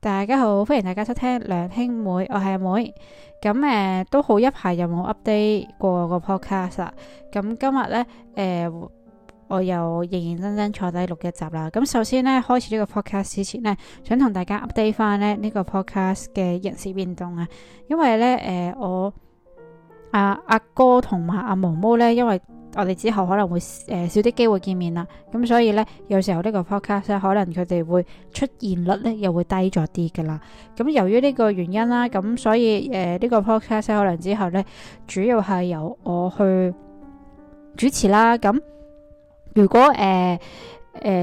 大家好，歡迎大家收聽兩兄妹，我係阿妹。咁誒都好一排又冇 update 過個 podcast 啦。咁今日咧誒，我又認認真真坐低錄一集啦。咁首先咧，開始呢個 podcast 之前呢，想同大家 update 翻咧呢個 podcast 嘅人事變動啊，因為咧誒我。阿阿、啊、哥同埋阿毛毛呢，因為我哋之後可能會誒、呃、少啲機會見面啦，咁所以呢，有時候呢個 podcast、啊、可能佢哋會出現率呢又會低咗啲噶啦。咁由於呢個原因啦、啊，咁所以誒呢、呃呢個 podcast、啊、可能之後呢主要係由我去主持啦。咁如果誒誒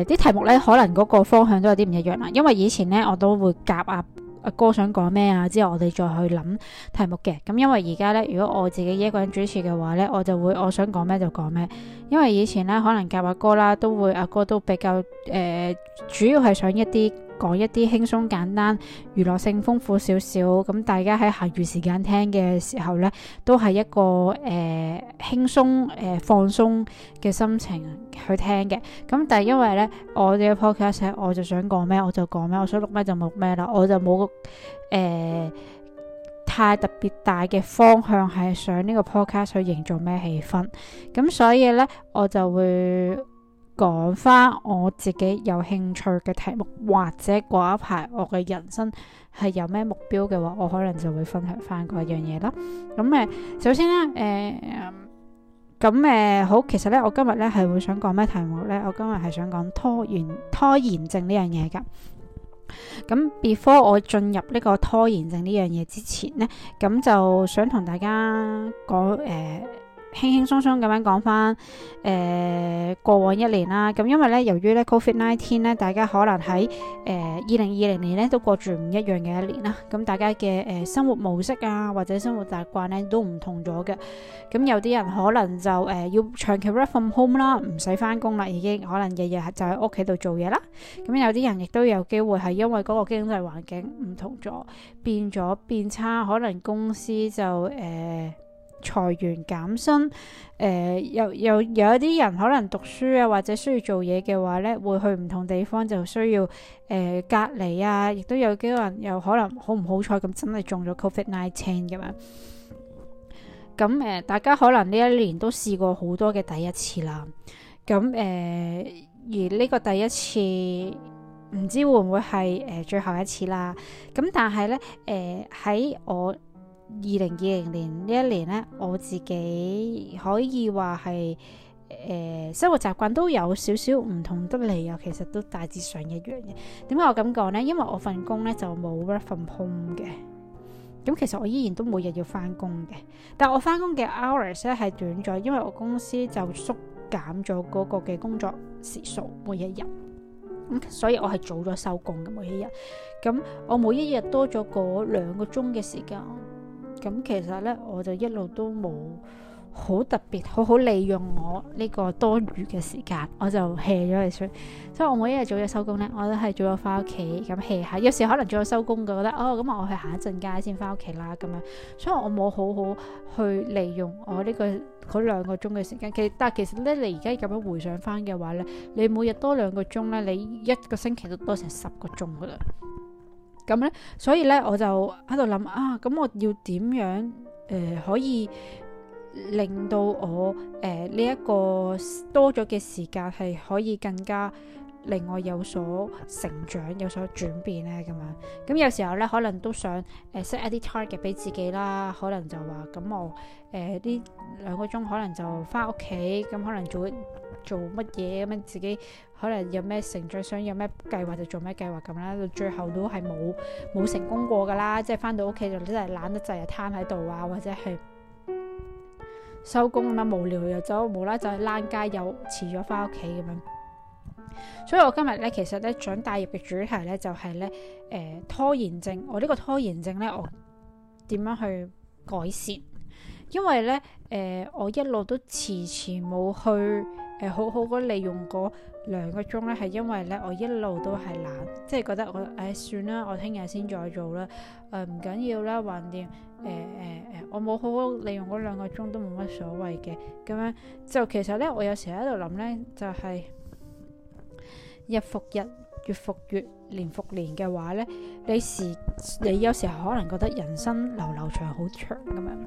啲題目呢可能嗰個方向都有啲唔一樣啦，因為以前呢我都會夾啊。阿哥想講咩啊？之後我哋再去諗題目嘅。咁因為而家呢，如果我自己一個人主持嘅話呢，我就會我想講咩就講咩。因為以前呢，可能教阿哥啦，都會阿哥都比較誒、呃，主要係想一啲。講一啲輕鬆簡單、娛樂性豐富少少，咁大家喺閒餘時間聽嘅時候呢，都係一個誒輕鬆、誒、呃呃、放鬆嘅心情去聽嘅。咁但係因為呢，我哋嘅 podcast 我就想講咩我就講咩，我想錄咩就錄咩啦，我就冇個誒、呃、太特別大嘅方向係想呢個 podcast 去營造咩氣氛。咁所以呢，我就會講翻我自己有興趣嘅題目，或者過一排我嘅人生係有咩目標嘅話，我可能就會分享翻嗰樣嘢啦。咁誒、呃，首先啦，誒、呃，咁、嗯、誒、呃，好，其實咧，我今日咧係會想講咩題目呢？我今日係想講拖延拖延症呢樣嘢噶。咁 before 我進入呢個拖延症呢樣嘢之前呢，咁就想同大家講誒。呃輕輕鬆鬆咁樣講翻誒過往一年啦，咁因為咧，由於咧 COVID nineteen 咧，19，大家可能喺誒二零二零年咧都過住唔一樣嘅一年啦。咁大家嘅誒、呃、生活模式啊，或者生活習慣咧都唔同咗嘅。咁有啲人可能就誒要、呃、長期 work from home 啦，唔使翻工啦，已經可能日日就喺屋企度做嘢啦。咁有啲人亦都有機會係因為嗰個經濟環境唔同咗，變咗變差，可能公司就誒。呃裁員減薪，誒、呃、又又有一啲人可能讀書啊，或者需要做嘢嘅話咧，會去唔同地方就需要誒、呃、隔離啊，亦都有幾個人又可能好唔好彩咁真係中咗 Covid-19 咁樣。咁誒、呃，大家可能呢一年都試過好多嘅第一次啦。咁誒、呃，而呢個第一次唔知會唔會係誒、呃、最後一次啦。咁但係咧誒喺我，二零二零年呢一年呢，我自己可以話係誒生活習慣都有少少唔同得嚟啊。其實都大致上一樣嘅。點解我咁講呢？因為我份工呢就冇 work from home 嘅。咁其實我依然都每日要翻工嘅，但我翻工嘅 hours 咧係短咗，因為我公司就縮減咗嗰個嘅工作時數每一日。所以我係早咗收工嘅每一日。咁我每一日多咗嗰兩個鐘嘅時、時間。咁其實咧，我就一路都冇好特別好好利用我呢個多餘嘅時間，我就 hea 咗佢，所以，我每一日早咗收工咧，我都係早咗翻屋企咁 hea 下。有時可能早咗收工嘅，覺得哦，咁我去行一陣街先翻屋企啦咁樣。所以，我冇好好去利用我呢個嗰兩個鐘嘅時間。其實，但係其實咧，你而家咁樣回想翻嘅話咧，你每日多兩個鐘咧，你一個星期都多成十個鐘㗎喇。咁咧，所以咧，我就喺度諗啊，咁我要點樣誒、呃、可以令到我誒呢一個多咗嘅時間係可以更加令我有所成長、有所轉變咧咁樣。咁有時候咧，可能都想誒 set、呃、一啲 target 俾自己啦，可能就話咁我誒呢兩個鐘可能就返屋企，咁可能做做乜嘢咁樣自己。可能有咩成長，想有咩計劃就做咩計劃咁啦。到最後都係冇冇成功過噶啦，即係翻到屋企就真係懶得滯日癱喺度啊，或者係收工咁樣無聊又走，無啦就去躝街又遲咗翻屋企咁樣。所以我今日咧，其實咧長大業嘅主題咧就係、是、咧，誒、呃、拖延症。我呢個拖延症咧，我點樣去改善？因為咧，誒、呃、我一路都遲遲冇去。誒、呃好，好，呃呃呃、好好利用嗰兩個鐘咧，係因為咧我一路都係懶，即係覺得我誒算啦，我聽日先再做啦，誒唔緊要啦，橫掂誒誒誒，我冇好好利用嗰兩個鐘都冇乜所謂嘅咁樣。就其實咧，我有時喺度諗咧，就係、是、日復日，月復月，年復年嘅話咧，你時你有時可能覺得人生流流長好長咁樣，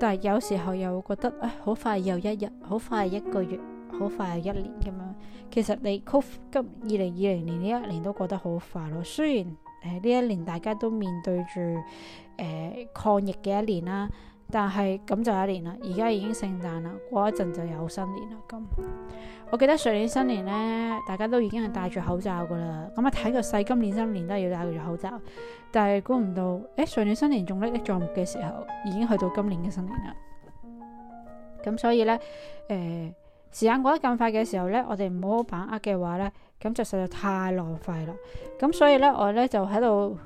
但係有時候又會覺得啊好快又一日，好快一個月。好快又一年咁樣，其實你 c o 今二零二零年呢一年都過得好快咯。雖然誒呢、呃、一年大家都面對住誒、呃、抗疫嘅一年啦，但係咁就一年啦。而家已經聖誕啦，過一陣就有新年啦。咁我記得上年新年咧，大家都已經係戴住口罩噶啦。咁我睇個細，今年新年都係要戴住口罩，但係估唔到誒、欸、上年新年仲歷歷在目嘅時候，已經去到今年嘅新年啦。咁所以咧誒。呃時間過得咁快嘅時候呢，我哋唔好好把握嘅話呢，咁就實在太浪費啦。咁所以呢，我呢就喺度，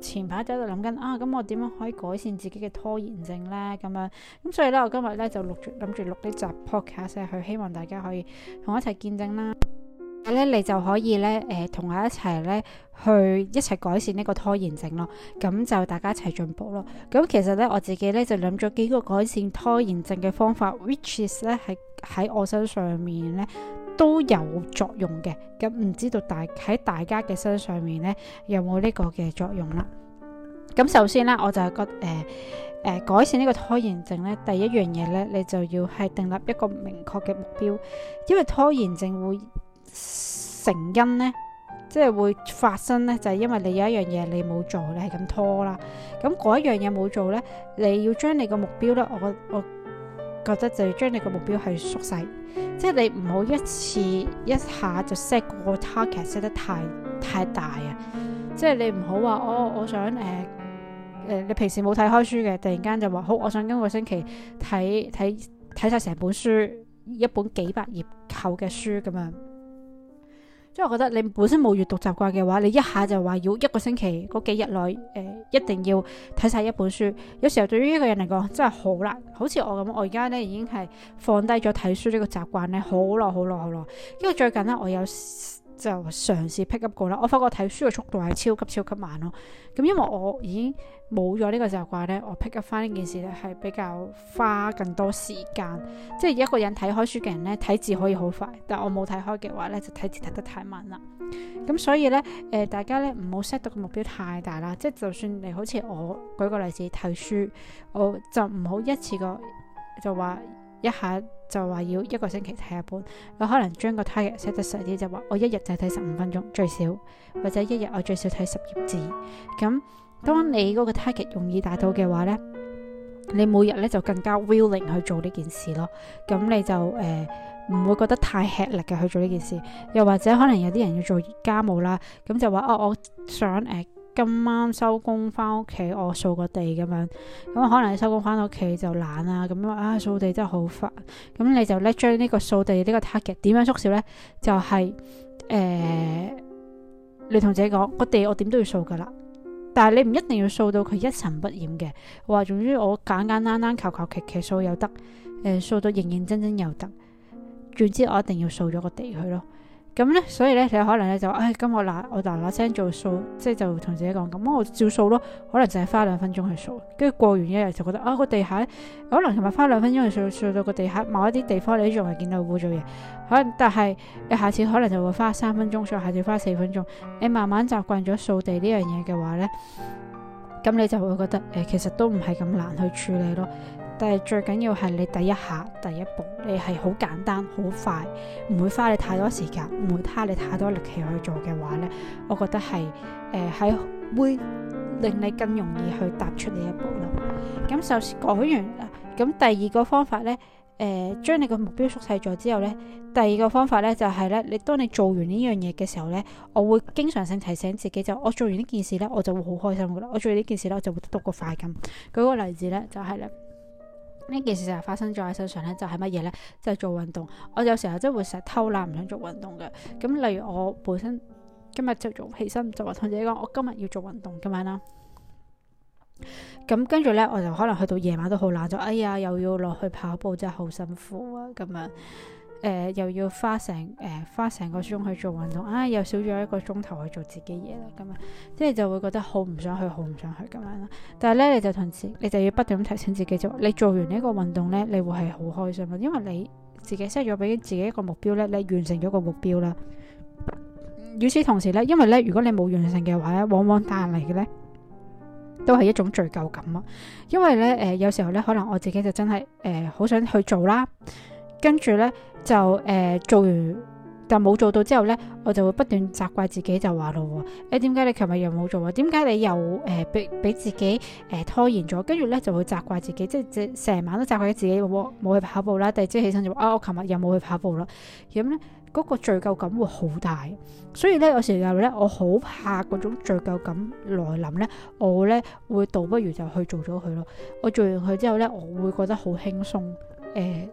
前排就喺度諗緊啊，咁我點樣可以改善自己嘅拖延症呢？咁樣，咁所以呢，我今日呢就錄住諗住錄呢集 podcast 去，希望大家可以同我一齊見證啦。咧，你就可以咧，誒、呃，同我一齊咧，去一齊改善呢個拖延症咯。咁就大家一齊進步咯。咁、嗯、其實咧，我自己咧就諗咗幾個改善拖延症嘅方法，which is 咧係喺我身上面咧都有作用嘅。咁、嗯、唔知道大喺大家嘅身上面咧有冇呢個嘅作用啦？咁、嗯、首先咧，我就係覺誒誒、呃呃、改善呢個拖延症咧，第一樣嘢咧，你就要係訂立一個明確嘅目標，因為拖延症會。成因呢，即係會發生呢，就係因為你有一樣嘢你冇做，你係咁拖啦。咁嗰一樣嘢冇做呢，你要將你個目標呢，我我覺得就要將你個目標係縮細，即係你唔好一次一下就 set 個 target set 得太太大啊。即係你唔好話哦，我想誒誒、呃，你平時冇睇開書嘅，突然間就話好，我想今個星期睇睇睇晒成本書，一本幾百頁厚嘅書咁樣。即係我覺得你本身冇閱讀習慣嘅話，你一下就話要一個星期嗰幾日內，誒、呃，一定要睇晒一本書。有時候對於一個人嚟講，真係好難。好似我咁，我而家咧已經係放低咗睇書呢個習慣咧，好耐好耐好耐。因為最近咧，我有。就嘗試 pick up 過啦，我發覺睇書嘅速度係超級超級慢咯。咁因為我已經冇咗呢個習慣咧，我 pick up 翻呢件事咧係比較花更多時間。即係一個人睇開書嘅人咧，睇字可以好快，但我冇睇開嘅話咧，就睇字睇得太慢啦。咁所以咧，誒、呃、大家咧唔好 set 到個目標太大啦。即係就算你好似我舉個例子睇書，我就唔好一次過就話一下。就話要一個星期睇一本，佢可能將個 target set 得細啲，就話、是、我一日就睇十五分鐘最少，或者一日我最少睇十頁紙。咁、嗯、當你嗰個 target 容易達到嘅話呢，你每日咧就更加 willing 去做呢件事咯。咁、嗯、你就誒唔、呃、會覺得太吃力嘅去做呢件事？又或者可能有啲人要做家務啦，咁、嗯、就話啊、哦，我想誒。呃今晚收工翻屋企，我掃個地咁樣，咁可能你收工翻到屋企就懶啦，咁啊掃地真係好煩，咁你就叻將呢個掃地呢個 target 點樣縮小呢？就係、是、誒、呃，你同自己講個地我點都要掃噶啦，但係你唔一定要掃到佢一塵不染嘅，話總之我簡簡單單、求求其其掃又得，誒掃到認認真真又得，總之我一定要掃咗個地佢咯。咁咧、嗯，所以咧，你可能咧就，唉、哎，咁我嗱我嗱嗱聲做掃，即係就同自己講，咁、嗯、我照掃咯，可能淨係花兩分鐘去掃，跟住過完一日就覺得，啊個地下，可能同埋花兩分鐘去掃掃到個地下，某一啲地方你都仲係見到污糟嘢，可、嗯、能，但係你下次可能就會花三分鐘，再下次花四分鐘，你慢慢習慣咗掃地呢樣嘢嘅話咧，咁你就會覺得，誒、呃，其實都唔係咁難去處理咯。但係最緊要係你第一下、第一步，你係好簡單、好快，唔會花你太多時間，唔會花你太多力氣去做嘅話呢，我覺得係誒喺會令你更容易去踏出呢一步咯。咁首先講完，咁第二個方法呢，誒、呃、將你個目標縮細咗之後呢，第二個方法呢就係呢：你當你做完呢樣嘢嘅時候呢，我會經常性提醒自己就是、我做完呢件事呢，我就會好開心噶啦。我做完呢件事呢，我就會得到個快感。舉個例子呢，就係咧。呢件事就係發生咗喺身上咧，就係乜嘢咧？就係做運動。我有時候真係會成日偷懶，唔想做運動嘅。咁例如我本身今日朝早起身，就話同自己講，我今日要做運動咁樣啦。咁跟住咧，我就可能去到夜晚都好懶，就哎呀又要落去跑步，真係好辛苦啊咁樣。誒、呃，又要花成誒、呃，花成個鐘去做運動，啊，又少咗一個鐘頭去做自己嘢啦，咁啊，即係就會覺得好唔想去，好唔想去咁樣啦。但係咧，你就同自，你就要不斷咁提醒自己，就你做完個運呢個運動咧，你會係好開心咯，因為你自己 set 咗俾自己一個目標咧，你完成咗個目標啦。與此同時咧，因為咧，如果你冇完成嘅話咧，往往帶嚟嘅咧，都係一種罪疚感啊。因為咧，誒、呃，有時候咧，可能我自己就真係誒，好、呃、想去做啦。跟住咧就誒、呃、做完，但冇做到之後咧，我就會不斷責怪自己就，就話咯喎，誒，點解你琴日又冇做啊？點解你又誒俾俾自己誒、呃、拖延咗？跟住咧就會責怪自己，即係即成晚都責怪自己冇冇去跑步啦。第二朝起身就話啊，我琴日又冇去跑步啦。咁咧，嗰個罪疚感會好大，所以咧，有時候咧，我好怕嗰種罪疚感來臨咧，我咧會倒不如就去做咗佢咯。我做完佢之後咧，我會覺得好輕鬆誒。呃呃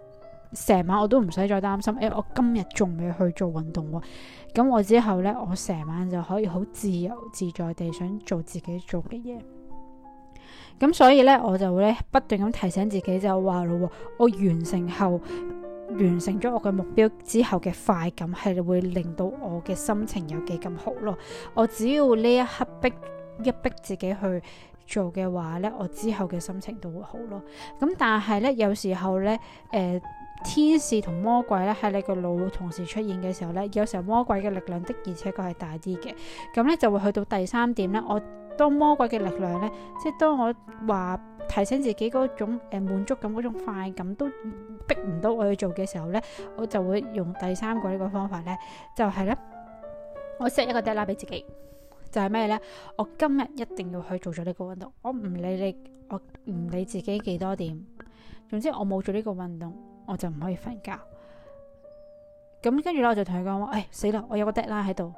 成晚我都唔使再擔心，誒，我今日仲未去做運動喎，哦，咁我之後呢，我成晚就可以好自由自在地想做自己做嘅嘢，咁所以呢，我就會不斷咁提醒自己就話咯，我完成後完成咗我嘅目標之後嘅快感係會令到我嘅心情有幾咁好咯，我只要呢一刻逼一逼自己去做嘅話呢，我之後嘅心情都會好咯，咁但係呢，有時候呢。誒、呃。天使同魔鬼咧，喺你個腦同時出現嘅時候咧，有時候魔鬼嘅力量的而且確係大啲嘅。咁咧就會去到第三點咧。我當魔鬼嘅力量咧，即係當我話提醒自己嗰種誒滿足感嗰種快感都逼唔到我去做嘅時候咧，我就會用第三個呢個方法咧，就係咧，我 set 一個 deadline 俾自己，就係咩咧？我今日一定要去做咗呢個運動，我唔理你，我唔理自己幾多點，總之我冇做呢個運動。我就唔可以瞓覺，咁跟住咧我就同佢講話，哎死啦，我有個 deadline 喺度，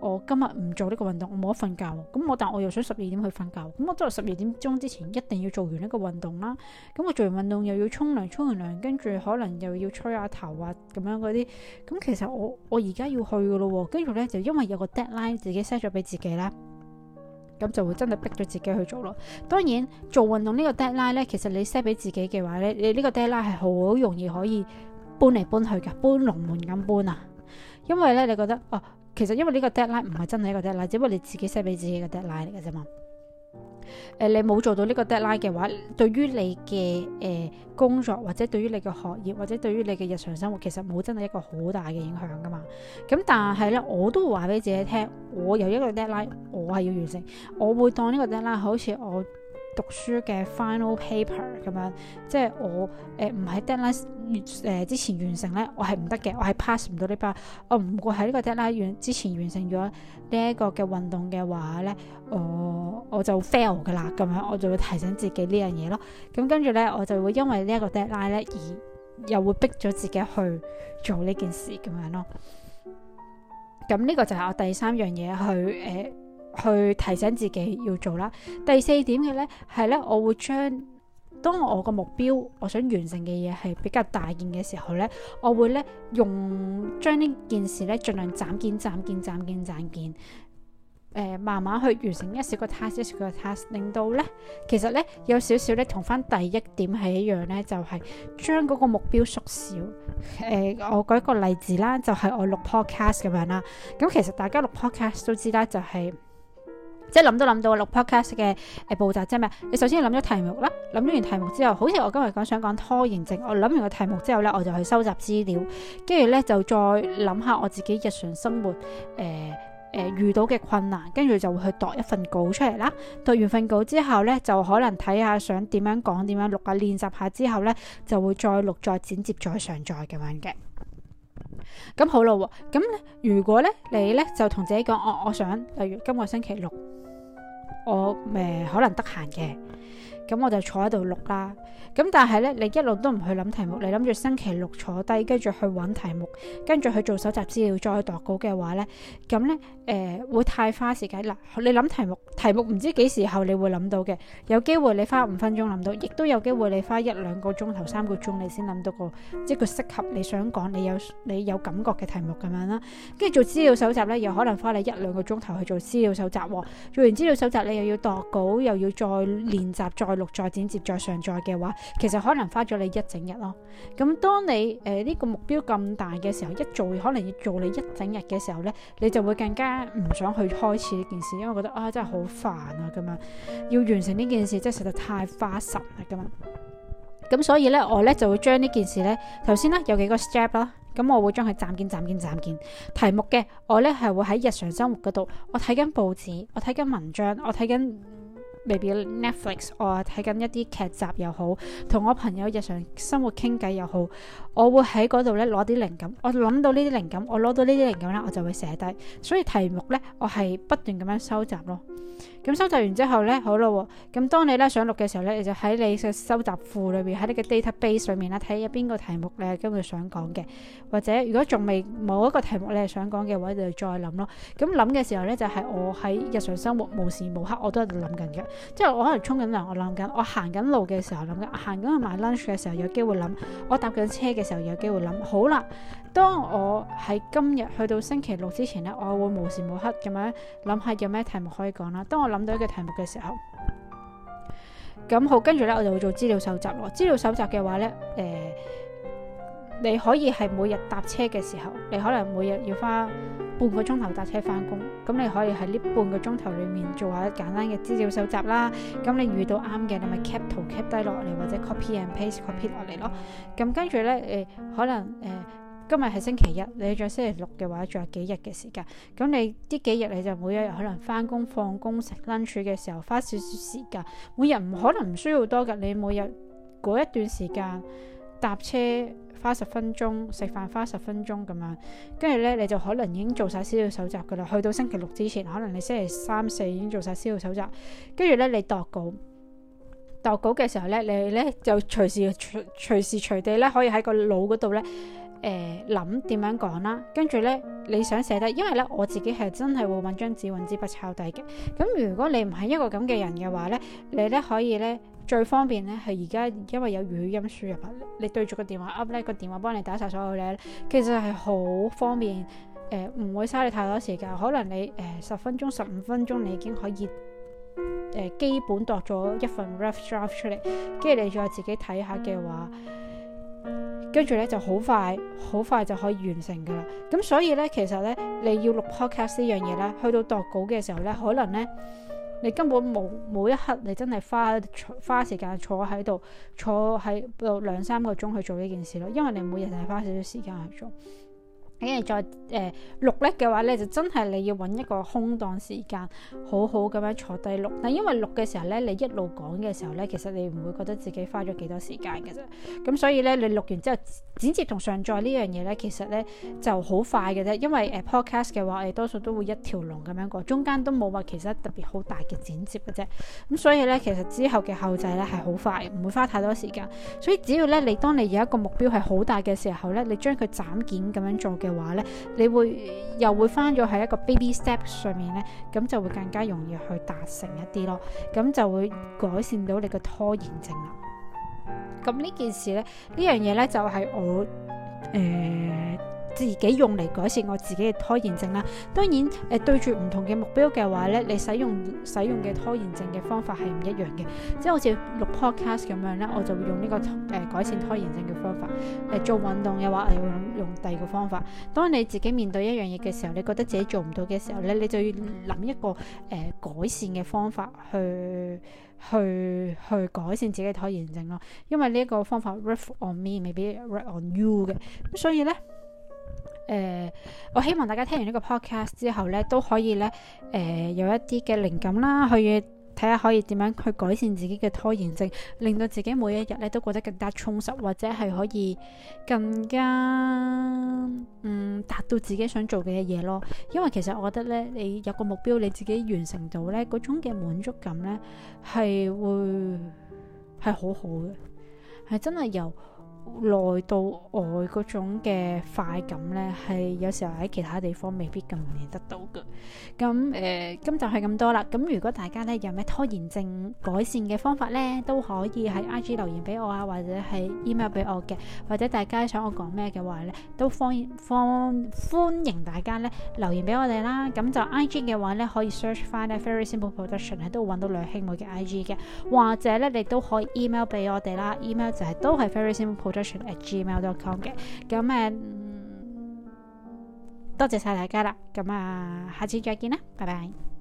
我今日唔做呢個運動，我冇得瞓覺，咁我但我又想十二點去瞓覺，咁我都係十二點鐘之前一定要做完呢個運動啦，咁我做完運動又要沖涼，沖完涼跟住可能又要吹下頭啊，咁樣嗰啲，咁其實我我而家要去噶咯，跟住咧就因為有個 deadline 自己 set 咗俾自己啦。咁就會真係逼咗自己去做咯。當然做運動呢個 deadline 咧，其實你 set 俾自己嘅話咧，你呢個 deadline 係好容易可以搬嚟搬去嘅，搬龍門咁搬啊。因為咧，你覺得哦，其實因為呢個 deadline 唔係真係一個 deadline，只不過你自己 set 俾自己嘅 deadline 嚟嘅啫嘛。誒、呃，你冇做到呢個 deadline 嘅話，對於你嘅誒、呃、工作或者對於你嘅學業或者對於你嘅日常生活，其實冇真係一個好大嘅影響噶嘛。咁但係咧，我都會話俾自己聽，我有一個 deadline，我係要完成。我會當呢個 deadline 好似我。讀書嘅 final paper 咁樣，即係我誒唔、呃、喺 deadline 誒、呃、之前完成咧，我係唔得嘅，我係 pass 唔到呢班。我唔會喺呢個 deadline 完之前完成咗呢一個嘅運動嘅話咧、呃，我我就 fail 噶啦，咁樣我就會提醒自己呢樣嘢咯。咁跟住咧，我就會因為呢一個 deadline 咧，而又會逼咗自己去做呢件事咁樣咯。咁呢、這個就係我第三樣嘢去誒、呃去提醒自己要做啦。第四點嘅呢，係呢，我會將當我個目標我想完成嘅嘢係比較大件嘅時候呢，我會呢，用將呢件事呢，盡量斬件、斬件、斬件、斬件，誒，慢慢去完成一小個 task，一小個 task，令到呢，其實呢，有少少呢，同翻第一點係一樣呢，就係將嗰個目標縮小。誒、呃，我舉個例子啦，就係、是、我錄 podcast 咁樣啦。咁其實大家錄 podcast 都知啦，就係、是。即係諗都諗到六 podcast 嘅，誒、呃、步驟即係咩？你首先要諗咗題目啦，諗咗完題目之後，好似我今日講想講拖延症，我諗完個題目之後呢，我就去收集資料，跟住呢，就再諗下我自己日常生活誒誒、呃呃、遇到嘅困難，跟住就會去度一份稿出嚟啦。讀完份稿之後呢，就可能睇下想點樣講，點樣錄啊，練習下之後呢，就會再錄、再剪接、再上載、再咁樣嘅。咁好啦，咁咧如果呢，你呢，就同自己講，我我想，例如今個星期六。我誒可能得閒嘅。 咁我就坐喺度錄啦。咁但係咧，你一路都唔去諗題目，你諗住星期六坐低，跟住去搵題目，跟住去做搜集資料，再去度稿嘅話咧，咁咧誒會太花時間。嗱，你諗題目，題目唔知幾時候你會諗到嘅，有機會你花五分鐘諗到，亦都有機會你花一兩個鐘頭、三個鐘你先諗到個即係佢適合你想講、你有你有感覺嘅題目咁樣啦。跟住做資料搜集咧，又可能花你一兩個鐘頭去做資料搜集。哦，做完資料搜集，你又要度稿，又要再練習，再練習。再再剪接再上載嘅話，其實可能花咗你一整日咯。咁當你誒呢、呃這個目標咁大嘅時候，一做可能要做你一整日嘅時候呢，你就會更加唔想去開始呢件事，因為覺得啊真係好煩啊咁啊，要完成呢件事真係實在太花神啦咁啊。咁所以呢，我呢就會將呢件事呢，頭先呢，有幾個 step 啦。咁我會將佢斬件斬件斬件題目嘅，我呢係會喺日常生活嗰度，我睇緊報紙，我睇緊文章，我睇緊。Maybe Netflix，我睇緊一啲劇集又好，同我朋友日常生活傾偈又好，我會喺嗰度咧攞啲靈感，我諗到呢啲靈感，我攞到呢啲靈感咧，我就會寫低，所以題目咧我係不斷咁樣收集咯。咁收集完之後呢，好咯、哦。咁當你咧想錄嘅時候呢，你就喺你嘅收集庫裏邊，喺你嘅 database 上面啦，睇有邊個題目你係根本想講嘅。或者如果仲未某一個題目你係想講嘅話，你就再諗咯。咁諗嘅時候呢，就係、是、我喺日常生活無時無刻我都喺度諗緊嘅。即係我可能沖緊涼，我諗緊；我行緊路嘅時候諗緊；行緊去買 lunch 嘅時候有機會諗；我搭緊車嘅時候有機會諗。好啦，當我喺今日去到星期六之前呢，我會無時無刻咁樣諗下有咩題目可以講啦。當我諗到一個題目嘅時候，咁好，跟住呢，我就會做資料搜集咯。資料搜集嘅話呢，誒、呃，你可以係每日搭車嘅時候，你可能每日要花半個鐘頭搭車翻工，咁你可以喺呢半個鐘頭裏面做下簡單嘅資料搜集啦。咁你遇到啱嘅，你咪 cap 圖，cap 低落嚟或者 copy and paste，copy 落嚟咯。咁跟住呢，誒、呃，可能誒。呃今日係星期一，你仲星期六嘅話，仲有幾日嘅時間。咁你呢幾日你就每一日可能翻工、放工食 lunch 嘅時候花少少時間。每日唔可能唔需要多噶，你每日嗰一段時間搭車花十分鐘，食飯花十分鐘咁樣。跟住呢，你就可能已經做晒資料搜集噶啦。去到星期六之前，可能你星期三四已經做晒資料搜集。跟住呢，你度稿、度稿嘅時候呢，你呢就隨時、隨時隨地呢，可以喺個腦嗰度呢。誒，諗點、呃、樣講啦？跟住呢，你想寫得，因為呢，我自己係真係會搵張紙、搵支筆抄底嘅。咁如果你唔係一個咁嘅人嘅話呢，你呢可以呢，最方便呢係而家，因為有語音輸入啊，你對住個電話 up 咧，個電話幫你打晒所有嘢，其實係好方便。誒、呃，唔會嘥你太多時間，可能你誒十、呃、分鐘、十五分鐘你已經可以、呃、基本度咗一份 rough draft 出嚟，跟住你再自己睇下嘅話。跟住咧就好快，好快就可以完成㗎喇。咁所以咧，其實咧，你要錄 podcast 呢樣嘢咧，去到度稿嘅時候咧，可能咧，你根本冇冇一刻你真係花花時間坐喺度，坐喺度兩三個鐘去做呢件事咯。因為你每日係花少少時間去做。跟住再誒、呃、錄咧嘅話咧，就真係你要揾一個空檔時間好好咁樣坐低錄，但因為錄嘅時候咧，你一路講嘅時候咧，其實你唔會覺得自己花咗幾多時間嘅啫。咁所以咧，你錄完之後剪接同上載呢樣嘢咧，其實咧就好快嘅啫。因為誒 podcast 嘅話，你多數都會一條龍咁樣過，中間都冇話其實特別好大嘅剪接嘅啫。咁所以咧，其實之後嘅後製咧係好快，唔會花太多時間，所以只要咧，你當你有一個目標係好大嘅時候咧，你將佢斬件咁樣做嘅。話咧，你會又會翻咗喺一個 baby step 上面咧，咁就會更加容易去達成一啲咯，咁就會改善到你個拖延症啦。咁呢件事咧，事呢樣嘢咧就係、是、我誒。呃自己用嚟改善我自己嘅拖延症啦。當然，誒、呃、對住唔同嘅目標嘅話咧，你使用使用嘅拖延症嘅方法係唔一樣嘅，即係好似錄 podcast 咁樣咧，我就會用呢、這個誒、呃、改善拖延症嘅方法。誒、呃、做運動嘅話，誒我會用用第二個方法。當你自己面對一樣嘢嘅時候，你覺得自己做唔到嘅時候咧，你就要諗一個誒、呃、改善嘅方法去去去改善自己嘅拖延症咯。因為呢一個方法 read on me，maybe read on you 嘅，所以咧。誒、呃，我希望大家聽完呢個 podcast 之後呢，都可以呢誒、呃，有一啲嘅靈感啦，去睇下可以點樣去改善自己嘅拖延症，令到自己每一日呢都過得更加充實，或者係可以更加嗯達到自己想做嘅嘢咯。因為其實我覺得呢，你有個目標，你自己完成到呢嗰種嘅滿足感呢，係會係好好嘅，係真係由。內到外嗰種嘅快感呢，係有時候喺其他地方未必咁容易得到嘅。咁誒，咁、呃、就係咁多啦。咁如果大家呢，有咩拖延症改善嘅方法呢，都可以喺 I G 留言俾我啊，或者係 email 俾我嘅。或者大家想我講咩嘅話呢，都歡歡歡迎大家呢留言俾我哋啦。咁就 I G 嘅話呢，可以 search 翻呢 Very Simple Production 都揾到兩兄妹嘅 I G 嘅，或者呢，你都可以 email 俾我哋啦。email 就係都係 Very Simple。at gmail dot com，嘅咁啊，多謝晒大家啦，咁啊，下次再見啦，拜拜。